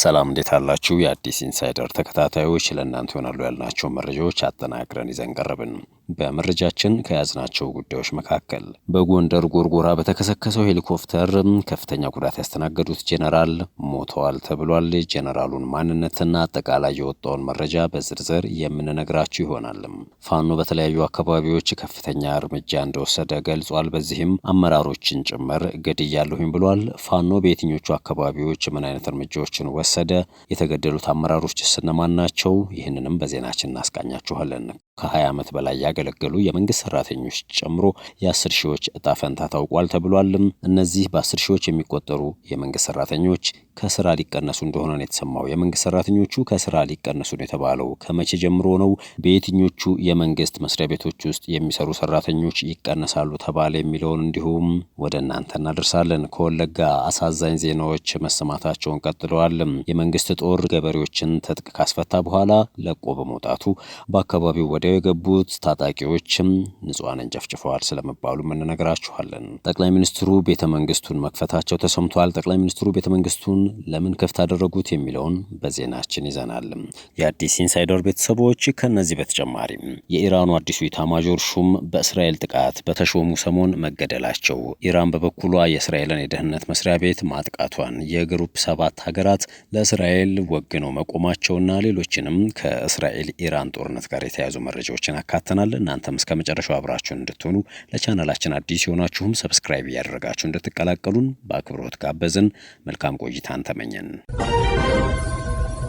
ሰላም እንዴት አላችሁ? የአዲስ ኢንሳይደር ተከታታዮች ለእናንተ ይሆናሉ ያልናቸው መረጃዎች አጠናቅረን ይዘን ቀረብን። በመረጃችን ከያዝናቸው ጉዳዮች መካከል በጎንደር ጎርጎራ በተከሰከሰው ሄሊኮፕተር ከፍተኛ ጉዳት ያስተናገዱት ጄኔራል ሞተዋል ተብሏል። ጄኔራሉን ማንነትና አጠቃላይ የወጣውን መረጃ በዝርዝር የምንነግራችሁ ይሆናል። ፋኖ በተለያዩ አካባቢዎች ከፍተኛ እርምጃ እንደወሰደ ገልጿል። በዚህም አመራሮችን ጭምር ገድያለሁኝ ብሏል። ፋኖ በየትኞቹ አካባቢዎች ምን አይነት እርምጃዎችን ወስ ወሰደ? የተገደሉት አመራሮች እነማን ናቸው? ይህንንም በዜናችን እናስቃኛችኋለን። ከ20 ዓመት በላይ ያገለገሉ የመንግስት ሰራተኞች ጨምሮ የ10 ሺዎች እጣ ፈንታ ታውቋል ተብሏልም። እነዚህ በ10 ሺዎች የሚቆጠሩ የመንግስት ሰራተኞች ከስራ ሊቀነሱ እንደሆነ ነው የተሰማው። የመንግስት ሰራተኞቹ ከስራ ሊቀነሱ ነው የተባለው ከመቼ ጀምሮ ነው? በየትኞቹ የመንግስት መስሪያ ቤቶች ውስጥ የሚሰሩ ሰራተኞች ይቀነሳሉ ተባለ? የሚለውን እንዲሁም ወደ እናንተ እናደርሳለን። ከወለጋ አሳዛኝ ዜናዎች መሰማታቸውን ቀጥለዋል። የመንግስት ጦር ገበሬዎችን ትጥቅ ካስፈታ በኋላ ለቆ በመውጣቱ በአካባቢው ወደ ጣልቃው የገቡት ታጣቂዎችም ንጹሐንን ጨፍጭፈዋል ስለመባሉ እንነግራችኋለን። ጠቅላይ ሚኒስትሩ ቤተ መንግስቱን መክፈታቸው ተሰምቷል። ጠቅላይ ሚኒስትሩ ቤተ መንግስቱን ለምን ክፍት አደረጉት የሚለውን በዜናችን ይዘናል። የአዲስ ኢንሳይደር ቤተሰቦች ከነዚህ በተጨማሪም የኢራኑ አዲሱ ኢታማዦር ሹም በእስራኤል ጥቃት በተሾሙ ሰሞን መገደላቸው፣ ኢራን በበኩሏ የእስራኤልን የደህንነት መስሪያ ቤት ማጥቃቷን፣ የግሩፕ ሰባት ሀገራት ለእስራኤል ወግነው መቆማቸውና ሌሎችንም ከእስራኤል ኢራን ጦርነት ጋር የተያዙ መረ መረጃዎችን አካተናል። እናንተም እስከ መጨረሻው አብራችሁን እንድትሆኑ ለቻናላችን አዲስ የሆናችሁም ሰብስክራይብ እያደረጋችሁ እንድትቀላቀሉን በአክብሮት ጋበዝን። መልካም ቆይታን ተመኘን።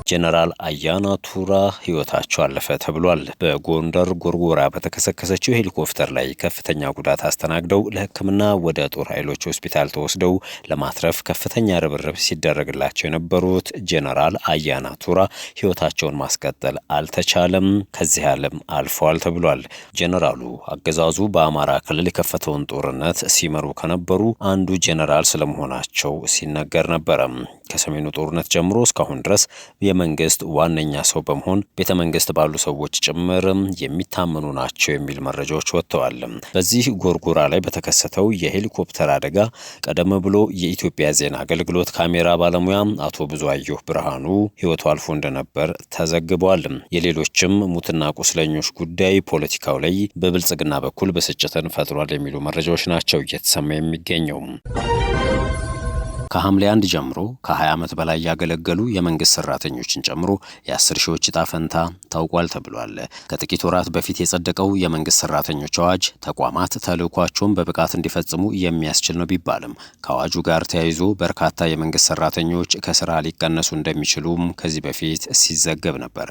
ጄኔራል አያና ቱራ ህይወታቸው አለፈ ተብሏል። በጎንደር ጎርጎራ በተከሰከሰችው ሄሊኮፕተር ላይ ከፍተኛ ጉዳት አስተናግደው ለሕክምና ወደ ጦር ኃይሎች ሆስፒታል ተወስደው ለማትረፍ ከፍተኛ ርብርብ ሲደረግላቸው የነበሩት ጄኔራል አያና ቱራ ህይወታቸውን ማስቀጠል አልተቻለም፣ ከዚህ ዓለም አልፈዋል ተብሏል። ጄኔራሉ አገዛዙ በአማራ ክልል የከፈተውን ጦርነት ሲመሩ ከነበሩ አንዱ ጄኔራል ስለመሆናቸው ሲነገር ነበረም። ከሰሜኑ ጦርነት ጀምሮ እስካሁን ድረስ የመንግስት ዋነኛ ሰው በመሆን ቤተ መንግስት ባሉ ሰዎች ጭምር የሚታመኑ ናቸው የሚል መረጃዎች ወጥተዋል። በዚህ ጎርጎራ ላይ በተከሰተው የሄሊኮፕተር አደጋ ቀደም ብሎ የኢትዮጵያ ዜና አገልግሎት ካሜራ ባለሙያ አቶ ብዙአየሁ ብርሃኑ ህይወቱ አልፎ እንደነበር ተዘግቧል። የሌሎችም ሙትና ቁስለኞች ጉዳይ ፖለቲካው ላይ በብልጽግና በኩል ብስጭትን ፈጥሯል የሚሉ መረጃዎች ናቸው እየተሰማ የሚገኘው። ከሐምሌ አንድ ጀምሮ ከ20 ዓመት በላይ ያገለገሉ የመንግስት ሰራተኞችን ጨምሮ የአስር ሺዎች እጣ ፈንታ ታውቋል ተብሏል። ከጥቂት ወራት በፊት የጸደቀው የመንግስት ሰራተኞች አዋጅ ተቋማት ተልዕኳቸውን በብቃት እንዲፈጽሙ የሚያስችል ነው ቢባልም ከአዋጁ ጋር ተያይዞ በርካታ የመንግስት ሰራተኞች ከስራ ሊቀነሱ እንደሚችሉም ከዚህ በፊት ሲዘገብ ነበረ።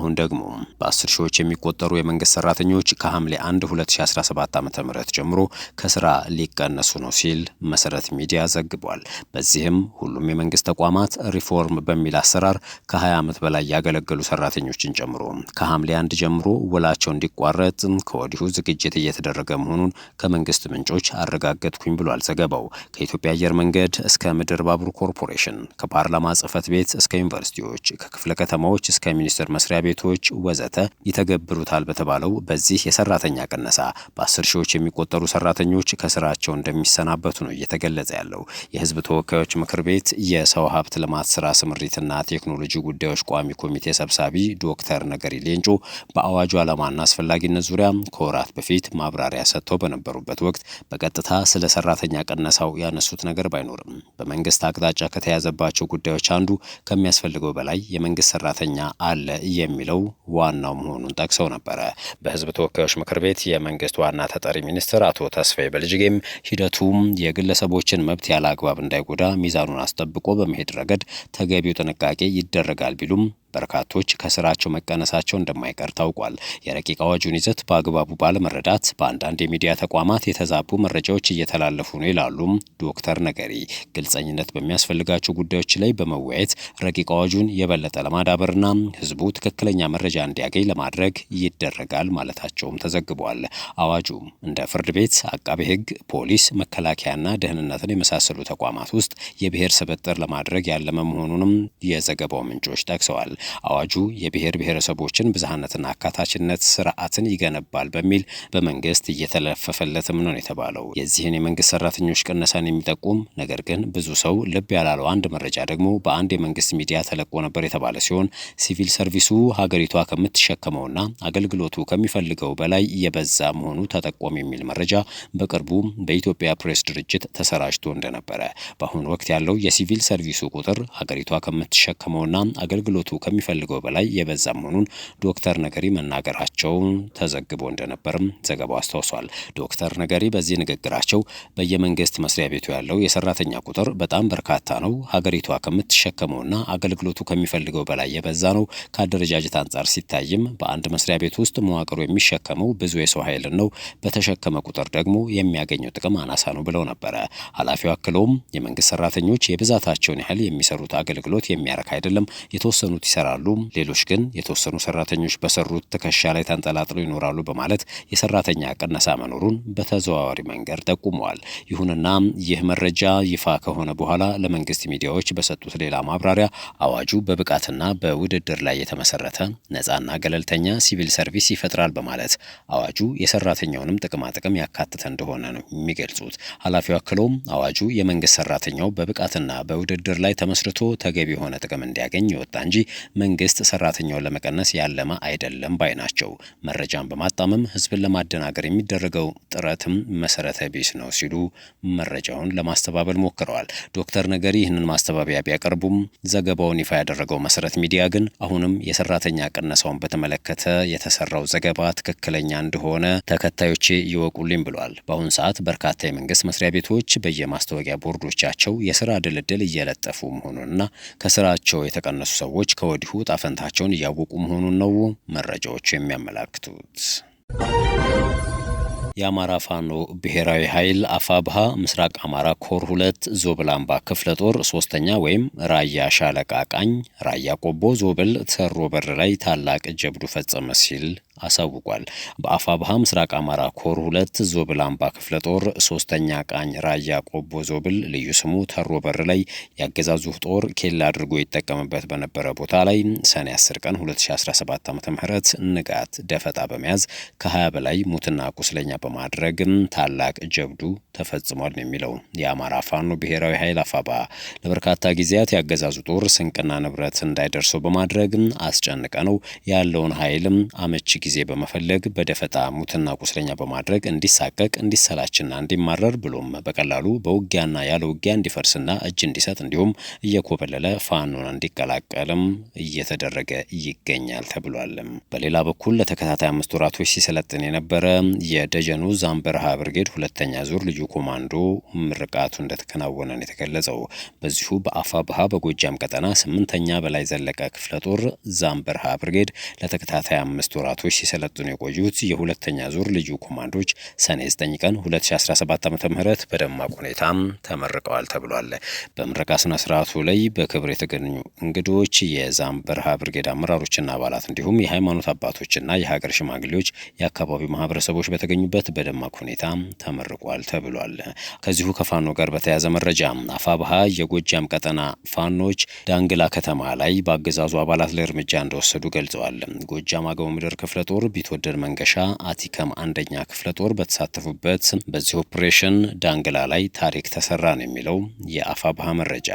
አሁን ደግሞ በአስር ሺዎች የሚቆጠሩ የመንግስት ሰራተኞች ከሐምሌ 1 2017 ዓ.ም ጀምሮ ከስራ ሊቀነሱ ነው ሲል መሰረት ሚዲያ ዘግቧል። በዚህም ሁሉም የመንግስት ተቋማት ሪፎርም በሚል አሰራር ከ20 ዓመት በላይ ያገለገሉ ሰራተኞችን ጨምሮ ከሐምሌ አንድ ጀምሮ ውላቸው እንዲቋረጥ ከወዲሁ ዝግጅት እየተደረገ መሆኑን ከመንግስት ምንጮች አረጋገጥኩኝ ብሏል ዘገባው። ከኢትዮጵያ አየር መንገድ እስከ ምድር ባቡር ኮርፖሬሽን፣ ከፓርላማ ጽህፈት ቤት እስከ ዩኒቨርሲቲዎች፣ ከክፍለ ከተማዎች እስከ ሚኒስቴር መስሪያ ቤቶች ወዘተ ይተገብሩታል በተባለው በዚህ የሰራተኛ ቅነሳ በአስር ሺዎች የሚቆጠሩ ሰራተኞች ከስራቸው እንደሚሰናበቱ ነው እየተገለጸ ያለው የህዝብ ተወ ተወካዮች ምክር ቤት የሰው ሀብት ልማት ስራ ስምሪትና ቴክኖሎጂ ጉዳዮች ቋሚ ኮሚቴ ሰብሳቢ ዶክተር ነገሪ ሌንጮ በአዋጁ ዓላማና አስፈላጊነት ዙሪያ ከወራት በፊት ማብራሪያ ሰጥተው በነበሩበት ወቅት በቀጥታ ስለ ሰራተኛ ቀነሳው ያነሱት ነገር ባይኖርም በመንግስት አቅጣጫ ከተያዘባቸው ጉዳዮች አንዱ ከሚያስፈልገው በላይ የመንግስት ሰራተኛ አለ የሚለው ዋናው መሆኑን ጠቅሰው ነበረ። በህዝብ ተወካዮች ምክር ቤት የመንግስት ዋና ተጠሪ ሚኒስትር አቶ ተስፋዬ በልጅጌም ሂደቱም የግለሰቦችን መብት ያለ አግባብ እንዳይጎዳ ሳይጎዳ ሚዛኑን አስጠብቆ በመሄድ ረገድ ተገቢው ጥንቃቄ ይደረጋል ቢሉም በርካቶች ከስራቸው መቀነሳቸው እንደማይቀር ታውቋል። የረቂቅ አዋጁን ይዘት በአግባቡ ባለመረዳት በአንዳንድ የሚዲያ ተቋማት የተዛቡ መረጃዎች እየተላለፉ ነው ይላሉም ዶክተር ነገሪ። ግልጸኝነት በሚያስፈልጋቸው ጉዳዮች ላይ በመወያየት ረቂቅ አዋጁን የበለጠ ለማዳበርና ህዝቡ ትክክለኛ መረጃ እንዲያገኝ ለማድረግ ይደረጋል ማለታቸውም ተዘግቧል። አዋጁ እንደ ፍርድ ቤት፣ አቃቤ ህግ፣ ፖሊስ፣ መከላከያና ደህንነትን የመሳሰሉ ተቋማት ውስጥ የብሔር ስብጥር ለማድረግ ያለመ መሆኑንም የዘገባው ምንጮች ጠቅሰዋል። አዋጁ የብሔር ብሔረሰቦችን ብዝሃነትና አካታችነት ስርዓትን ይገነባል በሚል በመንግስት እየተለፈፈለትም ነው የተባለው። የዚህን የመንግስት ሰራተኞች ቅነሳን የሚጠቁም ነገር ግን ብዙ ሰው ልብ ያላለው አንድ መረጃ ደግሞ በአንድ የመንግስት ሚዲያ ተለቆ ነበር የተባለ ሲሆን ሲቪል ሰርቪሱ ሀገሪቷ ከምትሸከመውና አገልግሎቱ ከሚፈልገው በላይ የበዛ መሆኑ ተጠቆም የሚል መረጃ በቅርቡ በኢትዮጵያ ፕሬስ ድርጅት ተሰራጭቶ እንደነበረ በአሁኑ ወቅት ያለው የሲቪል ሰርቪሱ ቁጥር ሀገሪቷ ከምትሸከመውና አገልግሎቱ ከሚፈልገው በላይ የበዛ መሆኑን ዶክተር ነገሪ መናገራቸው ተዘግቦ እንደነበርም ዘገባው አስታውሷል። ዶክተር ነገሪ በዚህ ንግግራቸው በየመንግስት መስሪያ ቤቱ ያለው የሰራተኛ ቁጥር በጣም በርካታ ነው፣ ሀገሪቷ ከምትሸከመውና አገልግሎቱ ከሚፈልገው በላይ የበዛ ነው። ከአደረጃጀት አንጻር ሲታይም በአንድ መስሪያ ቤት ውስጥ መዋቅሩ የሚሸከመው ብዙ የሰው ኃይልን ነው። በተሸከመ ቁጥር ደግሞ የሚያገኘው ጥቅም አናሳ ነው ብለው ነበረ። ኃላፊው አክለውም የመንግስት ሰራተኞች የብዛታቸውን ያህል የሚሰሩት አገልግሎት የሚያረክ አይደለም፣ የተወሰኑት ይሰራሉ፣ ሌሎች ግን የተወሰኑ ሰራተኞች በሰሩት ትከሻ ላይ ተንጠላጥለው ይኖራሉ በማለት የሰራተኛ ቅነሳ መኖሩን በተዘዋዋሪ መንገድ ጠቁመዋል። ይሁንና ይህ መረጃ ይፋ ከሆነ በኋላ ለመንግስት ሚዲያዎች በሰጡት ሌላ ማብራሪያ አዋጁ በብቃትና በውድድር ላይ የተመሰረተ ነጻና ገለልተኛ ሲቪል ሰርቪስ ይፈጥራል በማለት አዋጁ የሰራተኛውንም ጥቅማጥቅም ያካተተ እንደሆነ ነው የሚገልጹት። ኃላፊው አክለውም አዋጁ የመንግስት ሰራተኛው በብቃትና በውድድር ላይ ተመስርቶ ተገቢ የሆነ ጥቅም እንዲያገኝ ይወጣ እንጂ መንግስት ሰራተኛውን ለመቀነስ ያለመ አይደለም ባይ ናቸው። መረጃን በማጣመም ህዝብን ለማደናገር የሚደረገው ጥረትም መሰረተ ቢስ ነው ሲሉ መረጃውን ለማስተባበል ሞክረዋል። ዶክተር ነገሪ ይህንን ማስተባበያ ቢያቀርቡም ዘገባውን ይፋ ያደረገው መሰረት ሚዲያ ግን አሁንም የሰራተኛ ቅነሳውን በተመለከተ የተሰራው ዘገባ ትክክለኛ እንደሆነ ተከታዮቼ ይወቁልኝ ብሏል። በአሁኑ ሰዓት በርካታ የመንግስት መስሪያ ቤቶች በየማስታወቂያ ቦርዶቻቸው የስራ ድልድል እየለጠፉ መሆኑንና ከስራቸው የተቀነሱ ሰዎች ከወ ወዲሁ ጣፈንታቸውን እያወቁ መሆኑን ነው መረጃዎቹ የሚያመላክቱት። የአማራ ፋኖ ብሔራዊ ኃይል አፋብሃ ምስራቅ አማራ ኮር ሁለት ዞብላምባ ክፍለ ጦር ሶስተኛ ወይም ራያ ሻለቃ ቃኝ ራያ ቆቦ ዞብል ተሮ በር ላይ ታላቅ ጀብዱ ፈጸመ ሲል አሳውቋል። በአፋብሃ ምስራቅ አማራ ኮር ሁለት ዞብል አምባ ክፍለ ጦር ሶስተኛ ቃኝ ራያ ቆቦ ዞብል ልዩ ስሙ ተሮ በር ላይ ያገዛዙ ጦር ኬላ አድርጎ ይጠቀምበት በነበረ ቦታ ላይ ሰኔ 10 ቀን 2017 ዓ ም ንጋት ደፈጣ በመያዝ ከ20 በላይ ሙትና ቁስለኛ በማድረግ ታላቅ ጀብዱ ተፈጽሟል ነው የሚለው የአማራ ፋኖ ብሔራዊ ኃይል አፋባ። ለበርካታ ጊዜያት ያገዛዙ ጦር ስንቅና ንብረት እንዳይደርሰው በማድረግ አስጨንቀ ነው ያለውን ኃይልም አመቺ ጊዜ ጊዜ በመፈለግ በደፈጣ ሙትና ቁስለኛ በማድረግ እንዲሳቀቅ እንዲሰላችና እንዲማረር ብሎም በቀላሉ በውጊያና ያለ ውጊያ እንዲፈርስና እጅ እንዲሰጥ እንዲሁም እየኮበለለ ፋኖን እንዲቀላቀልም እየተደረገ ይገኛል ተብሏልም። በሌላ በኩል ለተከታታይ አምስት ወራቶች ሲሰለጥን የነበረ የደጀኑ ዛምበረሃ ብርጌድ ሁለተኛ ዙር ልዩ ኮማንዶ ምርቃቱ እንደተከናወነ ነው የተገለጸው። በዚሁ በአፋ ባሃ በጎጃም ቀጠና ስምንተኛ በላይ ዘለቀ ክፍለ ጦር ዛምበረሃ ብርጌድ ለተከታታይ አምስት ወራቶች ሲሰለጥኑ የቆዩት የሁለተኛ ዙር ልዩ ኮማንዶች ሰኔ 9 ቀን 2017 ዓ ም በደማቅ ሁኔታ ተመርቀዋል ተብሏል። በምረቃ ስነ ስርዓቱ ላይ በክብር የተገኙ እንግዶች የዛምበርሃ ብርጌድ አመራሮችና አባላት እንዲሁም የሃይማኖት አባቶችና የሀገር ሽማግሌዎች፣ የአካባቢው ማህበረሰቦች በተገኙበት በደማቅ ሁኔታ ተመርቋል ተብሏል። ከዚሁ ከፋኖ ጋር በተያያዘ መረጃ አፋብሃ የጎጃም ቀጠና ፋኖች ዳንግላ ከተማ ላይ በአገዛዙ አባላት ላይ እርምጃ እንደወሰዱ ገልጸዋል። ጎጃም አገው ምድር ክፍለ ጦር ቢትወደድ መንገሻ አቲከም አንደኛ ክፍለ ጦር በተሳተፉበት በዚህ ኦፕሬሽን ዳንግላ ላይ ታሪክ ተሰራ ነው የሚለው የአፋብሃ መረጃ።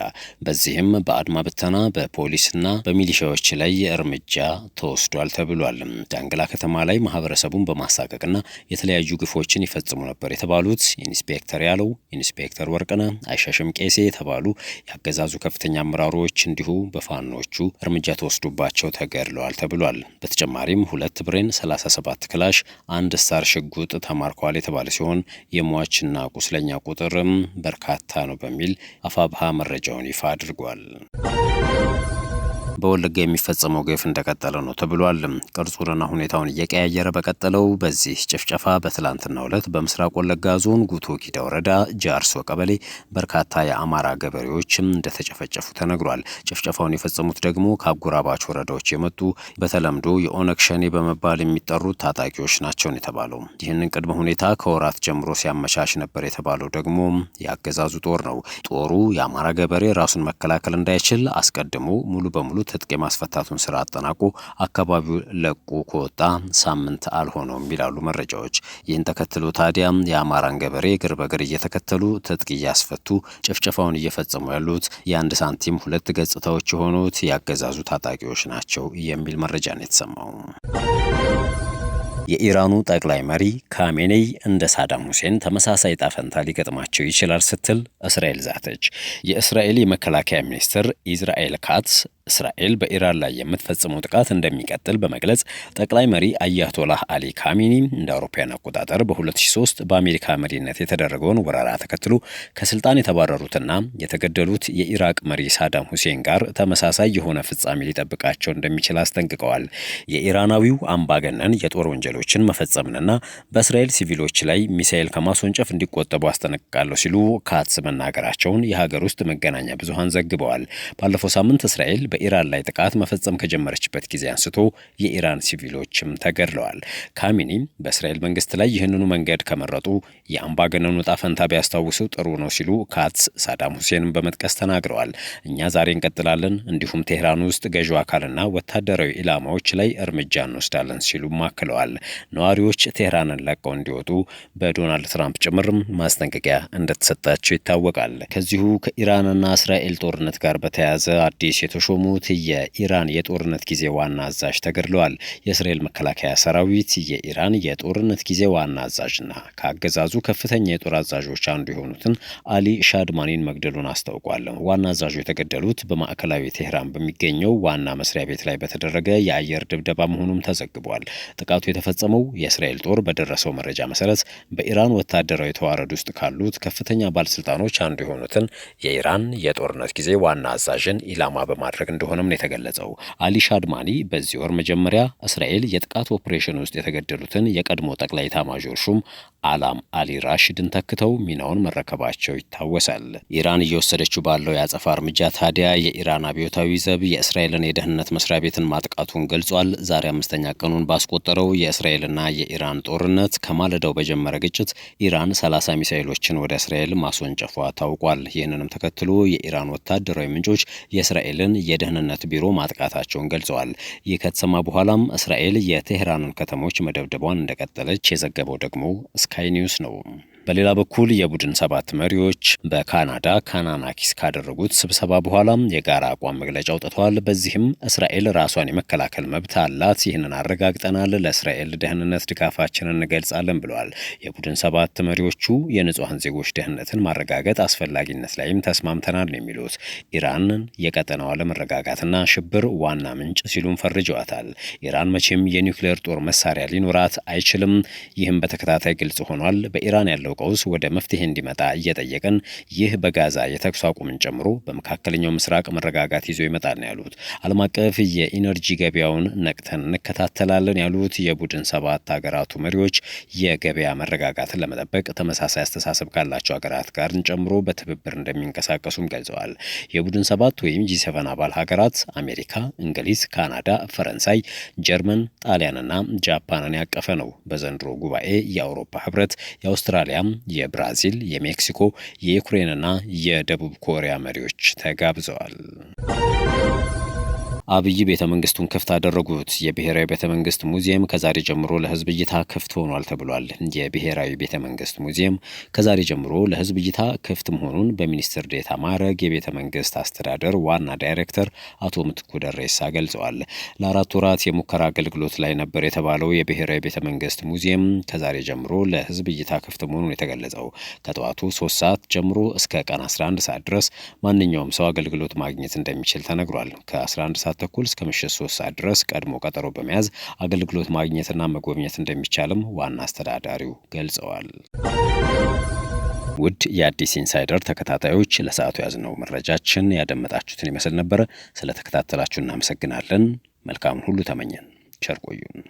በዚህም በአድማ ብተና በፖሊስና በሚሊሻዎች ላይ እርምጃ ተወስዷል ተብሏል። ዳንግላ ከተማ ላይ ማህበረሰቡን በማሳቀቅና የተለያዩ ግፎችን ይፈጽሙ ነበር የተባሉት ኢንስፔክተር ያለው፣ ኢንስፔክተር ወርቅነ አይሻሽም ቄሴ የተባሉ የአገዛዙ ከፍተኛ አመራሮች እንዲሁ በፋኖቹ እርምጃ ተወስዶባቸው ተገድለዋል ተብሏል። በተጨማሪም ሁለት ፎሬን 37 ክላሽ፣ አንድ ስታር ሽጉጥ ተማርከዋል የተባለ ሲሆን የሟችና ቁስለኛ ቁጥርም በርካታ ነው በሚል አፋብሃ መረጃውን ይፋ አድርጓል። በወለጋ የሚፈጸመው ግፍ እንደቀጠለ ነው ተብሏል። ቅርጹንና ሁኔታውን እየቀያየረ በቀጠለው በዚህ ጭፍጨፋ በትላንትናው ዕለት በምስራቅ ወለጋ ዞን ጉቶ ኪዳ ወረዳ ጃርሶ ቀበሌ በርካታ የአማራ ገበሬዎችም እንደተጨፈጨፉ ተነግሯል። ጭፍጨፋውን የፈጸሙት ደግሞ ከአጎራባች ወረዳዎች የመጡ በተለምዶ የኦነግ ሸኔ በመባል የሚጠሩት ታጣቂዎች ናቸውን የተባለው ይህንን ቅድመ ሁኔታ ከወራት ጀምሮ ሲያመቻች ነበር የተባለው ደግሞ ያገዛዙ ጦር ነው። ጦሩ የአማራ ገበሬ ራሱን መከላከል እንዳይችል አስቀድሞ ሙሉ በሙሉ ትጥቅ የማስፈታቱን ስራ አጠናቆ አካባቢው ለቆ ከወጣ ሳምንት አልሆነውም ይላሉ መረጃዎች። ይህን ተከትሎ ታዲያ የአማራን ገበሬ እግር በግር እየተከተሉ ትጥቅ እያስፈቱ ጭፍጨፋውን እየፈጸሙ ያሉት የአንድ ሳንቲም ሁለት ገጽታዎች የሆኑት ያገዛዙ ታጣቂዎች ናቸው የሚል መረጃ ነው የተሰማው። የኢራኑ ጠቅላይ መሪ ካሜኔይ እንደ ሳዳም ሁሴን ተመሳሳይ ጣፈንታ ሊገጥማቸው ይችላል ስትል እስራኤል ዛተች። የእስራኤል የመከላከያ ሚኒስትር ኢዝራኤል ካትስ እስራኤል በኢራን ላይ የምትፈጽመው ጥቃት እንደሚቀጥል በመግለጽ ጠቅላይ መሪ አያቶላህ አሊ ካሚኒ እንደ አውሮፓውያን አቆጣጠር በ2003 በአሜሪካ መሪነት የተደረገውን ወረራ ተከትሎ ከስልጣን የተባረሩትና የተገደሉት የኢራቅ መሪ ሳዳም ሁሴን ጋር ተመሳሳይ የሆነ ፍጻሜ ሊጠብቃቸው እንደሚችል አስጠንቅቀዋል። የኢራናዊው አምባገነን የጦር ወንጀል ወንጀሎችን መፈጸምንና በእስራኤል ሲቪሎች ላይ ሚሳኤል ከማስወንጨፍ እንዲቆጠቡ አስጠነቅቃለሁ ሲሉ ካትስ መናገራቸውን የሀገር ውስጥ መገናኛ ብዙሃን ዘግበዋል። ባለፈው ሳምንት እስራኤል በኢራን ላይ ጥቃት መፈጸም ከጀመረችበት ጊዜ አንስቶ የኢራን ሲቪሎችም ተገድለዋል። ካሚኒ በእስራኤል መንግስት ላይ ይህንኑ መንገድ ከመረጡ የአምባገነኑ ዕጣ ፈንታ ቢያስታውሱ ጥሩ ነው ሲሉ ካትስ ሳዳም ሁሴንን በመጥቀስ ተናግረዋል። እኛ ዛሬ እንቀጥላለን፣ እንዲሁም ቴህራን ውስጥ ገዢው አካልና ወታደራዊ ኢላማዎች ላይ እርምጃ እንወስዳለን ሲሉም አክለዋል። ነዋሪዎች ቴህራንን ለቀው እንዲወጡ በዶናልድ ትራምፕ ጭምርም ማስጠንቀቂያ እንደተሰጣቸው ይታወቃል። ከዚሁ ከኢራንና እስራኤል ጦርነት ጋር በተያያዘ አዲስ የተሾሙት የኢራን የጦርነት ጊዜ ዋና አዛዥ ተገድለዋል። የእስራኤል መከላከያ ሰራዊት የኢራን የጦርነት ጊዜ ዋና አዛዥና ከአገዛዙ ከፍተኛ የጦር አዛዦች አንዱ የሆኑትን አሊ ሻድማኒን መግደሉን አስታውቋል። ዋና አዛዡ የተገደሉት በማዕከላዊ ቴህራን በሚገኘው ዋና መስሪያ ቤት ላይ በተደረገ የአየር ድብደባ መሆኑም ተዘግቧል። ጥቃቱ የተፈ የተፈጸመው የእስራኤል ጦር በደረሰው መረጃ መሰረት በኢራን ወታደራዊ ተዋረድ ውስጥ ካሉት ከፍተኛ ባለስልጣኖች አንዱ የሆኑትን የኢራን የጦርነት ጊዜ ዋና አዛዥን ኢላማ በማድረግ እንደሆነም ነው የተገለጸው። አሊ ሻድማኒ በዚህ ወር መጀመሪያ እስራኤል የጥቃት ኦፕሬሽን ውስጥ የተገደሉትን የቀድሞ ጠቅላይ ኤታማዦር ሹም አላም አሊ ራሽድን ተክተው ሚናውን መረከባቸው ይታወሳል። ኢራን እየወሰደችው ባለው የአጸፋ እርምጃ ታዲያ የኢራን አብዮታዊ ዘብ የእስራኤልን የደህንነት መስሪያ ቤትን ማጥቃቱን ገልጿል። ዛሬ አምስተኛ ቀኑን ባስቆጠረው የእስራኤልና የኢራን ጦርነት ከማለዳው በጀመረ ግጭት ኢራን 30 ሚሳይሎችን ወደ እስራኤል ማስወንጨፏ ታውቋል። ይህንንም ተከትሎ የኢራን ወታደራዊ ምንጮች የእስራኤልን የደህንነት ቢሮ ማጥቃታቸውን ገልጸዋል። ይህ ከተሰማ በኋላም እስራኤል የቴህራንን ከተሞች መደብደቧን እንደቀጠለች የዘገበው ደግሞ ስካይ ኒውስ ነው በሌላ በኩል የቡድን ሰባት መሪዎች በካናዳ ካናናኪስ ካደረጉት ስብሰባ በኋላም የጋራ አቋም መግለጫ አውጥተዋል። በዚህም እስራኤል ራሷን የመከላከል መብት አላት፣ ይህንን አረጋግጠናል፣ ለእስራኤል ደህንነት ድጋፋችንን እንገልጻለን ብለዋል። የቡድን ሰባት መሪዎቹ የንጹሐን ዜጎች ደህንነትን ማረጋገጥ አስፈላጊነት ላይም ተስማምተናል ነው የሚሉት። ኢራንን የቀጠናው አለመረጋጋትና ሽብር ዋና ምንጭ ሲሉም ፈርጀዋታል። ኢራን መቼም የኒውክሌር ጦር መሳሪያ ሊኖራት አይችልም። ይህም በተከታታይ ግልጽ ሆኗል። በኢራን ያለው ቀውስ ወደ መፍትሄ እንዲመጣ እየጠየቅን ይህ በጋዛ የተኩስ አቁምን ጨምሮ በመካከለኛው ምስራቅ መረጋጋት ይዞ ይመጣል ነው ያሉት። ዓለም አቀፍ የኢነርጂ ገበያውን ነቅተን እንከታተላለን ያሉት የቡድን ሰባት ሀገራቱ መሪዎች የገበያ መረጋጋትን ለመጠበቅ ተመሳሳይ አስተሳሰብ ካላቸው ሀገራት ጋርን ጨምሮ በትብብር እንደሚንቀሳቀሱም ገልጸዋል። የቡድን ሰባት ወይም ጂ7 አባል ሀገራት አሜሪካ፣ እንግሊዝ፣ ካናዳ፣ ፈረንሳይ፣ ጀርመን፣ ጣሊያንና ጃፓንን ያቀፈ ነው። በዘንድሮ ጉባኤ የአውሮፓ ህብረት፣ የአውስትራሊያ፣ በኋላም የብራዚል፣ የሜክሲኮ፣ የዩክሬንና የደቡብ ኮሪያ መሪዎች ተጋብዘዋል። አብይ ቤተ መንግስቱን ክፍት አደረጉት። የብሔራዊ ቤተ መንግስት ሙዚየም ከዛሬ ጀምሮ ለህዝብ እይታ ክፍት ሆኗል ተብሏል። የብሔራዊ ቤተ መንግስት ሙዚየም ከዛሬ ጀምሮ ለህዝብ እይታ ክፍት መሆኑን በሚኒስትር ዴታ ማዕረግ የቤተ መንግስት አስተዳደር ዋና ዳይሬክተር አቶ ምትኩ ደሬሳ ገልጸዋል። ለአራት ወራት የሙከራ አገልግሎት ላይ ነበር የተባለው የብሔራዊ ቤተ መንግስት ሙዚየም ከዛሬ ጀምሮ ለህዝብ እይታ ክፍት መሆኑን የተገለጸው ከጠዋቱ ሶስት ሰዓት ጀምሮ እስከ ቀን 11 ሰዓት ድረስ ማንኛውም ሰው አገልግሎት ማግኘት እንደሚችል ተነግሯል። ከ11 ሰዓት ሰዓት ተኩል እስከ ምሽት ሶስት ሰዓት ድረስ ቀድሞ ቀጠሮ በመያዝ አገልግሎት ማግኘትና መጎብኘት እንደሚቻልም ዋና አስተዳዳሪው ገልጸዋል። ውድ የአዲስ ኢንሳይደር ተከታታዮች ለሰዓቱ ያዝነው መረጃችን ያደመጣችሁትን ይመስል ነበር። ስለተከታተላችሁ እናመሰግናለን። መልካሙን ሁሉ ተመኘን። ቸር ቆዩን።